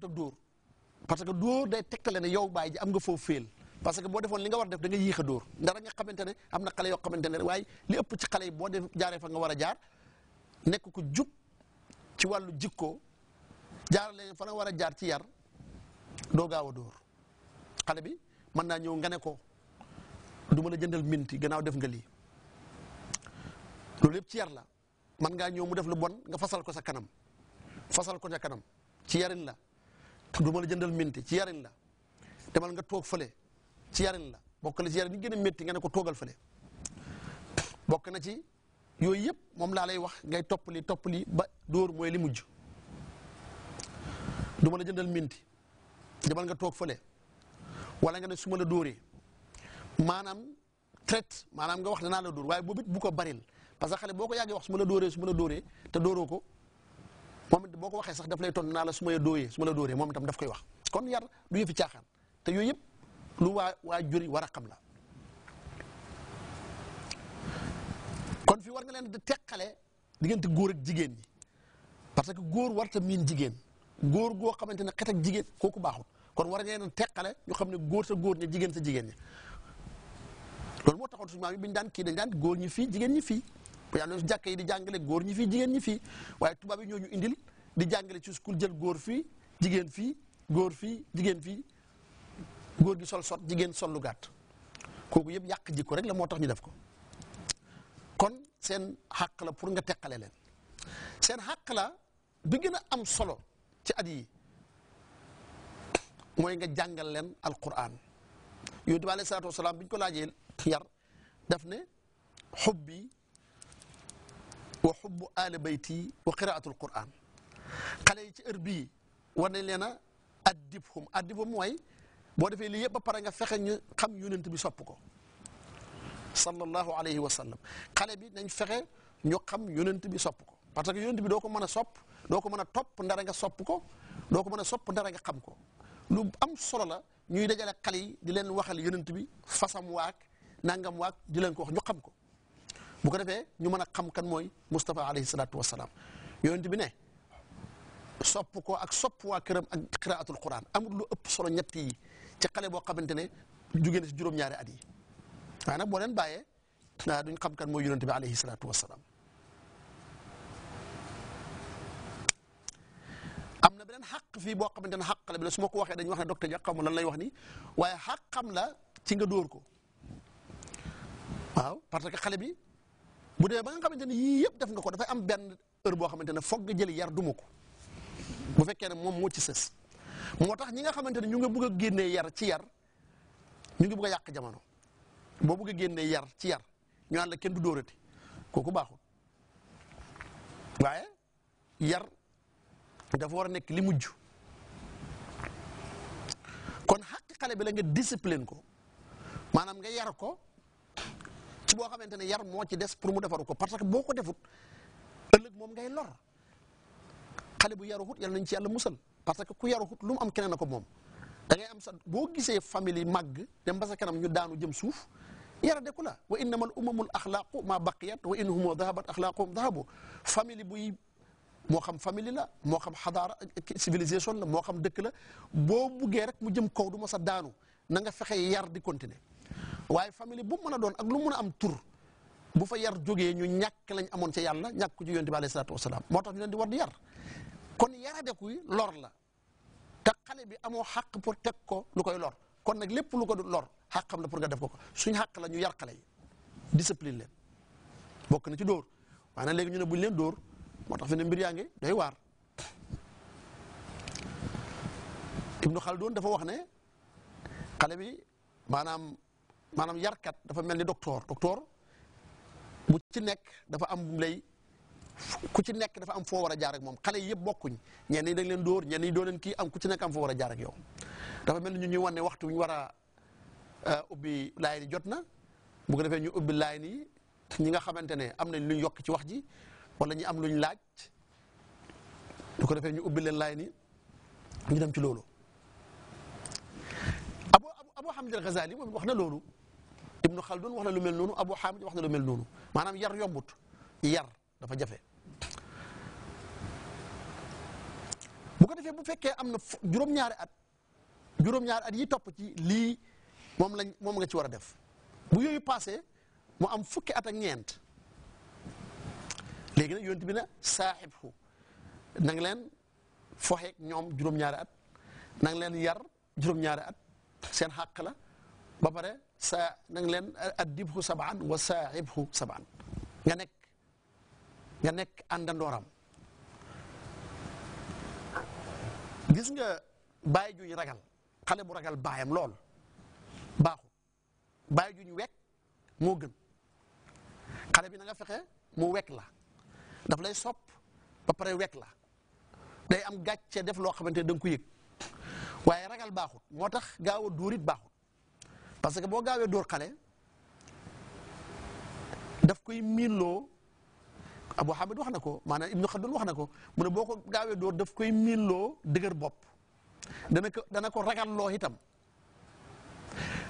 bokkut dóor parce que dóor day tegtale ne yow baay ji am nga foofu féel parce que boo defoon li nga war def da nga yéex a dóor dara nga xamante ne am na xale yoo xamante ne waaye li ëpp ci xale yi boo def jaaree fa nga war a jaar nekk ku jub ci wàllu jikko jaar leen fa war a jaar ci yar doo gaaw a dóor xale bi mën naa ñëw nga ne ko du ma la jëndal minti gannaaw def nga lii loolu yëpp ci yar la mën ngaa ñëw mu def lu bon nga fasal ko sa kanam fasal ko sa kanam ci yarin la du ma la jëndal minti ci yarin la demal nga toog fële ci yarin la bokk na ci yarin ñu gën a métti nga ne ko toogal fële bokk na ci yooyu yëpp moom laa lay wax ngay toppali toppali ba dóor mooy li mujj du ma la jëndal minti demal nga toog fële wala nga ne su ma la dóoree maanaam traite maanaam nga wax danaa la dóor waaye boobu it bu ko baril parce que xale boo ko yàggee wax su ma la dóoree su ma la dóoree te dóoroo ko moom it boo ko waxee sax daf lay ton naa la su ma la dóoyee ma la dóoree moom itam daf koy wax kon yar du fi caaxaan te yooyu yëpp lu waa waa yi war a xam la kon fii war nga leen di teqale diggante góor ak jigéen ñi parce que góor warta miin jigéen góor goo xamante ne xet ak jigéen kooku baaxul kon war ngeen a teqale ñu xam ne góor sa góor ña jigéen sa jigéen ña loolu moo taxoon suñu maam yi bi ñu daan kii dañ daan góor ñi fii jigéen ñi fii yàlla def jàkka yi di jàngale góor ñi fii jigéen ñi fii waaye tubaab yi ñoo ñu indil di jàngale ci school jël góor fii jigéen fii góor fii jigéen fii góor gi sol sot jigéen sol lu gàtt kooku yëpp yàq jikko rek la moo tax ñu def ko kon seen xàq la pour nga teqale leen seen xàq la bi gën a am solo ci at yi mooy nga jàngal leen alquran yonent bi alayhi salaatu wasalaam biñ ko ko laajee yar def ne xubbi وحب آل بيتي وقراءة القرآن xale yi ci heure bii war nañ leen a addibhum addibhum mooy boo defee lii yëpp ba pare nga fexe ñu xam yonent bi sopp ko sallallahu alayhi wa sallam xale bi nañ fexe ñu xam yonent bi sopp ko parce que yonent bi doo ko mën a sopp doo ko mën a topp ndara nga sopp ko doo ko mën a sopp ndara nga xam ko lu am solo la ñuy dajale xale yi di leen waxal yonent bi fasam waak nangam waak di leen ko wax ñu xam ko bu ko defee ñu mën a xam kan mooy Moustapha alayhi salatu wa salaam yonent bi ne sopp ko ak sopp waa këram ak qiraatul quran amul lu ëpp solo ñett yi ci xale boo xamante ne jugee na si juróom-ñaari at yi waaye nag boo leen bàyyee ah duñ xam kan mooy yonent bi alayhi salatu wa salaam am na beneen xaq fii boo xamante ne xaq la bi la su ma ko waxee dañuy wax ne docteur Diak xamul lan lay wax ni waaye xaqam la ci nga dóor ko waaw parce que xale bi. bu demee ba nga xamante ne yii yëpp def nga ko dafa am benn heure boo xamante ne foog nga jëli yar duma ko bu fekkee ne moom moo ci sës moo tax ñi nga xamante ne ñu nga bugg a génnee yar ci yar ñu ngi bugg a yàq jamono boo bëgg a génnee yar ci yar ñu naan la kenn du dóorati kooku baaxul waaye yar dafa war a nekk li mujj kon xàq xale bi la nga discipline ko maanaam nga yar ko boo xamante ne yar moo ci des pour mu defaru ko parce que boo ko defut ëllëg moom ngay lor xale bu yaruxut yal nañ ci yàlla musal parce que ku yaruxut lu mu am keneen na ko moom da am sa boo gisee famille màgg dem ba sa kanam ñu daanu jëm suuf yara deku la wa innama al umamul axlaaqu ma baqiyat wa innahum dahabat axlaaquhum dahabu famille buy moo xam famille la moo xam xadaara civilisation la moo xam dëkk la boo buggee rek mu jëm kaw du ma sa daanu na nga fexe yar di continuer waaye famille bu mën a doon ak lu mun a am tur bu fa yar jógee ñu ñàkk lañ amoon ca yàlla ñàkk ko ci yonent bi alayhi salaatu wasalaam moo tax ñu leen di war di yar kon yaradeku yi lor la te xale bi amoo xàq pour teg ko lu koy lor kon nag lépp lu ko du lor xàqam la pour nga def ko ko suñ xàq la ñu yar xale yi discipline leen bokk na ci door waaye nag léegi ñu ne buñ leen dóor moo tax fi ne mbir yaa ngi day waar Ibnu doon dafa wax ne xale bi maanaam maanaam yarkat dafa mel ni docteur docteur bu ci nekk dafa am lay ku ci nekk dafa am foo war a jaar moom xale yëpp bokkuñ ñenn ñi dañ leen dóor ñenn ñi doo leen kii am ku ci nekk am foo war a jaar yow dafa mel ni ñu ñuy wan ne waxtu wi ñu war euh, ubbi laay ni jot na bu ko defee ñu ubbi laay ni ñi nga xamante ne am nañ luñ yokk ci wax ji wala ñu am luñ laaj bu ko defee ñu ubbi leen lay ni ñu dem ci loolu. Abu Abu Hamid al Ghazali moom wax na loolu. ibnu xaldun wax na lu mel noonu abu xamid wax na lu mel noonu maanaam yar yombut yar dafa jafe bu ko defee bu fekkee am na juróom-ñaari at juróom-ñaari at yi topp ci lii moom lañ moom nga ci war a def bu yooyu passé mu am fukki at ak ñeent léegi nag yonent bi ne saaxibhu na nga leen foxeeg ñoom juróom-ñaari at nang leen yar juróom-ñaari at seen xàq la sa nang len adibhu saban wa sa'ibhu saban nga nek nga nekk àndandooram gis nga baye juñu ragal xale bu ragal bayam lol baxu baye juñu wek mo gën xale bi nga fexé mu wek la daf lay sop ba pare wek la day am gatché def lo xamanté dang ko yek waye ragal motax durit parce que boo gaawee dóor xale daf koy miinloo Abu Hamid wax na ko maanaa Ibnu Xaldun wax na ko mu ne boo ko gaawee dóor daf koy miinloo dëgër bopp dana ko dana ko ragalloo itam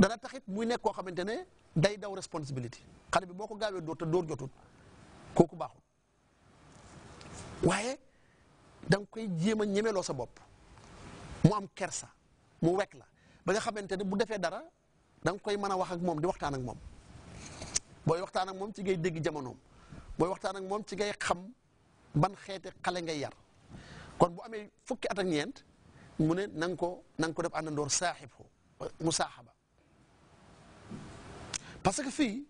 dana taxit muy nekk koo xamante ne day daw responsibility xale bi boo ko gaawee dóor te dóor jotul kooku baaxul waaye danga koy jéem a ñemeloo sa bopp mu am kersa mu wekk la ba nga xamante ne bu defee dara dang koy meuna wax ak mom di waxtan ak mom boy waxtan ak mom ci ngay deg jamono boy waxtan ak mom ci ngay xam ban xéte xale ngay yar kon bu amé fukki at ak ñent mune nang ko nang ko def andor saaxib musahaba parce que fi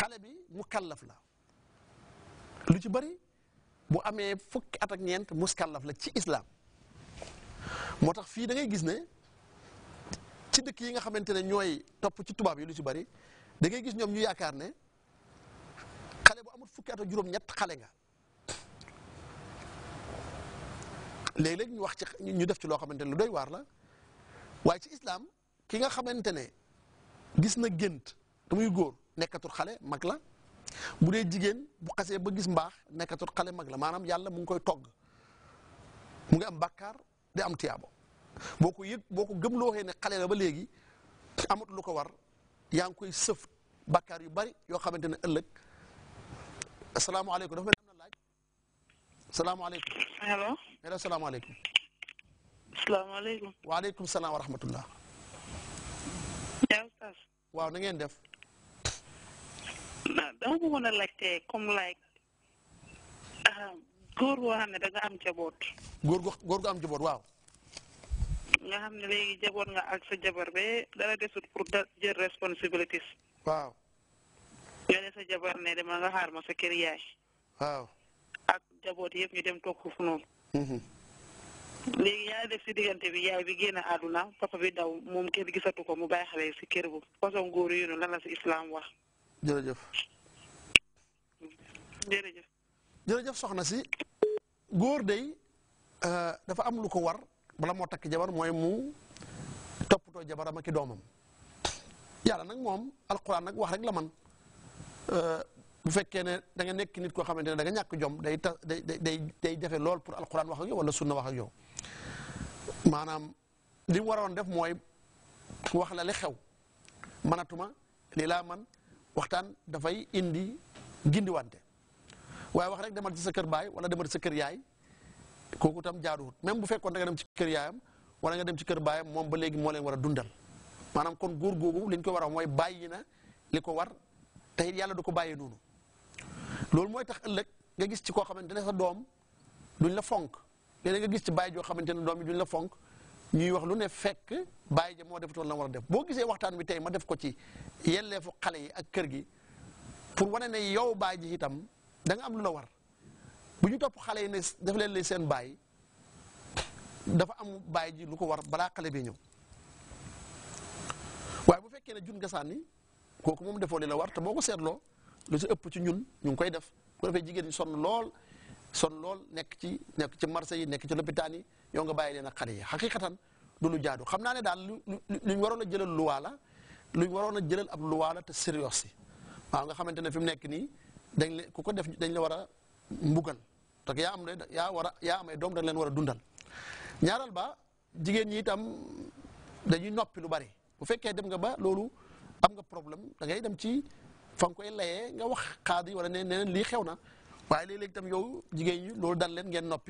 xale bi mukallaf la lu ci bari bu amé fukki at ak ñent muskàllaf la ci islam motax fi da ngay gis ne ci dëkk yi nga xamante ne ñooy topp ci tubaab yi lu ci bari da ngay gis ñoom ñu yaakaar ne xale bu amul fukki at juróom-ñett xale nga léeg-léeg ñu wax ci ñu def ci loo xamante ne lu doy waar la waaye ci islaam ki nga xamante ne gis na gént te muy góor nekkatul xale mag la bu dee jigéen bu xasee ba gis mbaax nekkatul xale mag la maanaam yàlla mu ngi koy togg mu ngi am bàkkaar di am tiyaabo boo ko yëg boo ko gëmloo xee ne xale la ba léegi amut lu ko war yaa ngi koy sëf bakkaar yu bari yoo xamante ne ëllëg asalaamaaleykum dafa mel am na laaj salaamaaleykum allo allo salaamaaleykum salaamaaleykum waaleykum salaam wa rahmatullah waaw na ngeen def dama bëggoon a laajte comme like góor goo xam ne da nga am jaboot góor gu góor gu am jaboot waaw nga xam ne léegi jaboot nga ak sa jabar be dara desut pour da jël responsibilities waaw nga ne sa jabar ne dema nga xaar ma sa kër yaay waaw ak jaboot yëpp ñu dem toog foofu noonu mhm. léegi yaa def si diggante bi yaay bi génn àdduna papa bi daw moom kenn gisatu ko mu bàyyi xale si kër bu façon góor yu noonu lan la si islam wax jërëjëf jërëjëf jërëjëf soxna si góor day euh, dafa am lu ko war bala moo takk jabar mooy mu toppatoo jabaram ak doomam yàlla nag moom alquran nag wax rek la man euh, bu fekkee ne danga nekk nit koo xamante ne da nga ñàkk jom day ta day day day jafe lool pour alquran wax ak yow wala sunna wax ak yow maanaam li waroon def mooy wax lale xew manatuma lii laa man waxtaan dafay indi gindiwante waaye wax rek demal di sa kër baay wala demal ci sa kër yaay kooku tam jaaduwut même bu fekkoon da nga dem ci kër yaayam wala nga dem ci kër baayam moom ba léegi moo leen war a dundal maanaam kon góor googu li ko war a mooy bàyyi na li ko war te yàlla du ko bàyyee noonu loolu mooy tax ëllëg nga gis ci koo xamante ne sa doom duñ la fonk léeg-léeg nga gis ci bàyyi joo xamante ne doom yi duñ la fonk ñuy wax lu ne fekk bàyyi ja moo defutoon la war a def boo gisee waxtaan wi tey ma def ko ci yelleefu xale yi ak kër gi pour wane ne yow bàyyi ji itam da nga am lu la war buñu top xalé ne def leen lay seen baye dafa am baye ji lu ko war bala xalé bi ñëw bu fekke ne jun nga sanni koku mom defo li la war te boko setlo lu ci ëpp ci ñun ñu koy def bu defee jigeen ñu son lool son lool nek ci nek ci marché yi nek ci l'hôpital yi yow nga baye leen xalé xale yi xaqiqatan du lu jaadu xamna ne daal lu ñu warona jëlal lu wala lu ñu a jëlal ab lu wala te serious ci wa nga xamantene fim nek ni dañ le ku ko def dañ la wara mbugal parce que yaa am yaa war yaa am ay doom da leen war a dundal ñaaral ba jigéen ñi itam dañuy noppi lu bari bu fekkee dem nga ba loolu am nga problème da ngay dem ci fa nga koy layee nga wax xaadi wala ne neen lii xew na waaye léeg-léeg yow jigéen ñi loolu dal leen ngeen noppi